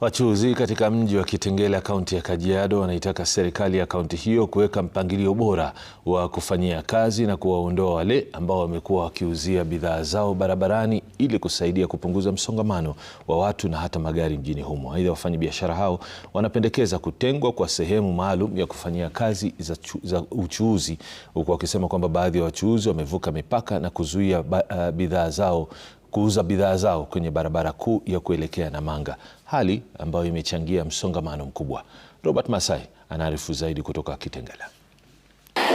Wachuuzi katika mji wa Kitengela kaunti ya Kajiado wanaitaka serikali ya kaunti hiyo kuweka mpangilio bora wa kufanyia kazi na kuwaondoa wale ambao wamekuwa wakiuzia bidhaa zao barabarani ili kusaidia kupunguza msongamano wa watu na hata magari mjini humo. Aidha, wafanyabiashara hao wanapendekeza kutengwa kwa sehemu maalum ya kufanyia kazi za, chu, za uchuuzi huku wakisema kwamba baadhi ya wachuuzi wamevuka mipaka na kuzuia uh, bidhaa zao kuuza bidhaa zao kwenye barabara kuu ya kuelekea Namanga, hali ambayo imechangia msongamano mkubwa. Robert Masai anaarifu zaidi kutoka Kitengela.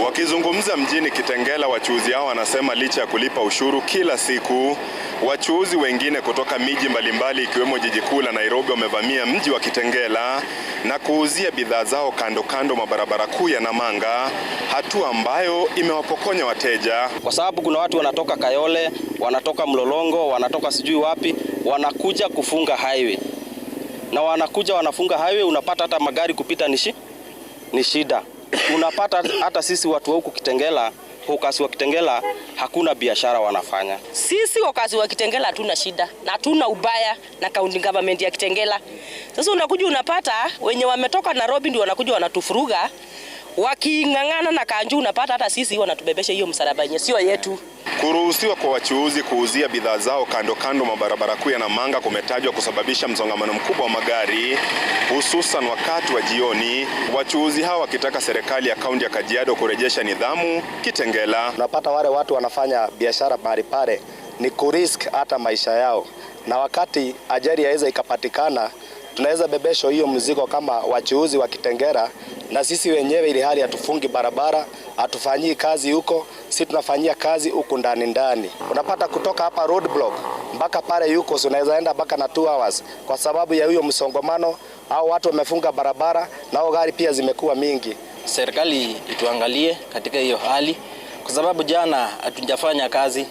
Wakizungumza mjini Kitengela, wachuuzi hao wanasema licha ya kulipa ushuru kila siku, wachuuzi wengine kutoka miji mbalimbali ikiwemo jiji kuu la Nairobi wamevamia mji wa Kitengela na kuuzia bidhaa zao kando kando mwa barabara kuu ya Namanga, hatua ambayo imewapokonya wateja, kwa sababu kuna watu wanatoka Kayole, wanatoka Mlolongo, wanatoka sijui wapi, wanakuja kufunga highway na wanakuja wanafunga highway, unapata hata magari kupita ni shida unapata hata sisi watu wa huku Kitengela, wakazi wa Kitengela hakuna biashara wanafanya. Sisi wakazi wa Kitengela hatuna shida na hatuna ubaya na county government ya Kitengela. Sasa unakuja unapata wenye wametoka Nairobi ndio wanakuja wanatufuruga waking'ang'ana na kanju, unapata hata sisi wanatubebesha hiyo msalaba yenye sio yetu. Kuruhusiwa kwa wachuuzi kuuzia bidhaa zao kando kando mwa barabara kuu ya Namanga kumetajwa kusababisha msongamano mkubwa wa magari hususan wakati wa jioni, wachuuzi hao wakitaka serikali ya kaunti ya Kajiado kurejesha nidhamu. Kitengela, unapata wale watu wanafanya biashara mahali pale ni kurisk hata maisha yao, na wakati ajali yaweza ikapatikana tunaweza bebesho hiyo mzigo kama wachuuzi wa Kitengela na sisi wenyewe, ili hali hatufungi barabara, hatufanyii kazi huko, si tunafanyia kazi huku ndani ndani. Unapata kutoka hapa roadblock mpaka pale yuko, unaweza enda mpaka na 2 hours kwa sababu ya huyo msongomano, au watu wamefunga barabara, nao gari pia zimekuwa mingi. Serikali ituangalie katika hiyo hali, kwa sababu jana hatujafanya kazi,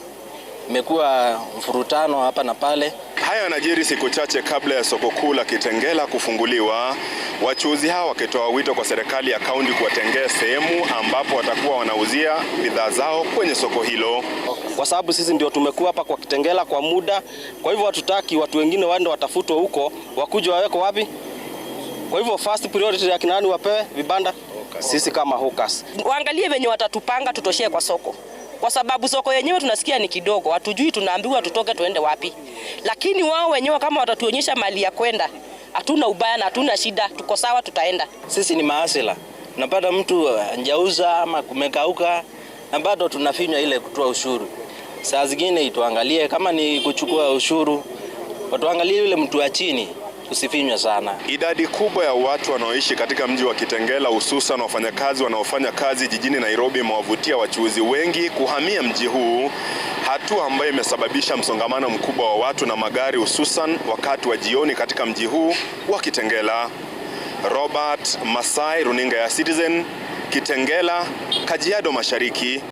imekuwa mfurutano hapa na pale haya yanajiri siku chache kabla ya soko kuu la Kitengela kufunguliwa, wachuuzi hawa wakitoa wito kwa serikali ya kaunti kuwatengea sehemu ambapo watakuwa wanauzia bidhaa zao kwenye soko hilo, kwa sababu sisi ndio tumekuwa hapa kwa Kitengela kwa muda. Kwa hivyo hatutaki watu wengine waende watafutwe huko, wakuja waweko wapi? Kwa hivyo first priority ya kinani wapewe vibanda. Sisi kama hukas waangalie venye watatupanga tutoshee kwa soko kwa sababu soko yenyewe tunasikia ni kidogo, hatujui, tunaambiwa tutoke tuende wapi. Lakini wao wenyewe kama watatuonyesha mali ya kwenda, hatuna ubaya na hatuna shida, tuko sawa, tutaenda. Sisi ni maasila, napata mtu uh, njauza ama kumekauka, na bado tunafinywa ile kutoa ushuru. Saa zingine ituangalie kama ni kuchukua ushuru, watuangalie yule mtu wa chini kusifinywa sana. Idadi kubwa ya watu wanaoishi katika mji wa Kitengela, hususan wafanyakazi wanaofanya kazi jijini Nairobi, imewavutia wachuuzi wengi kuhamia mji huu, hatua ambayo imesababisha msongamano mkubwa wa watu na magari, hususan wakati wa jioni katika mji huu wa Kitengela. Robert Masai, runinga ya Citizen, Kitengela, Kajiado Mashariki.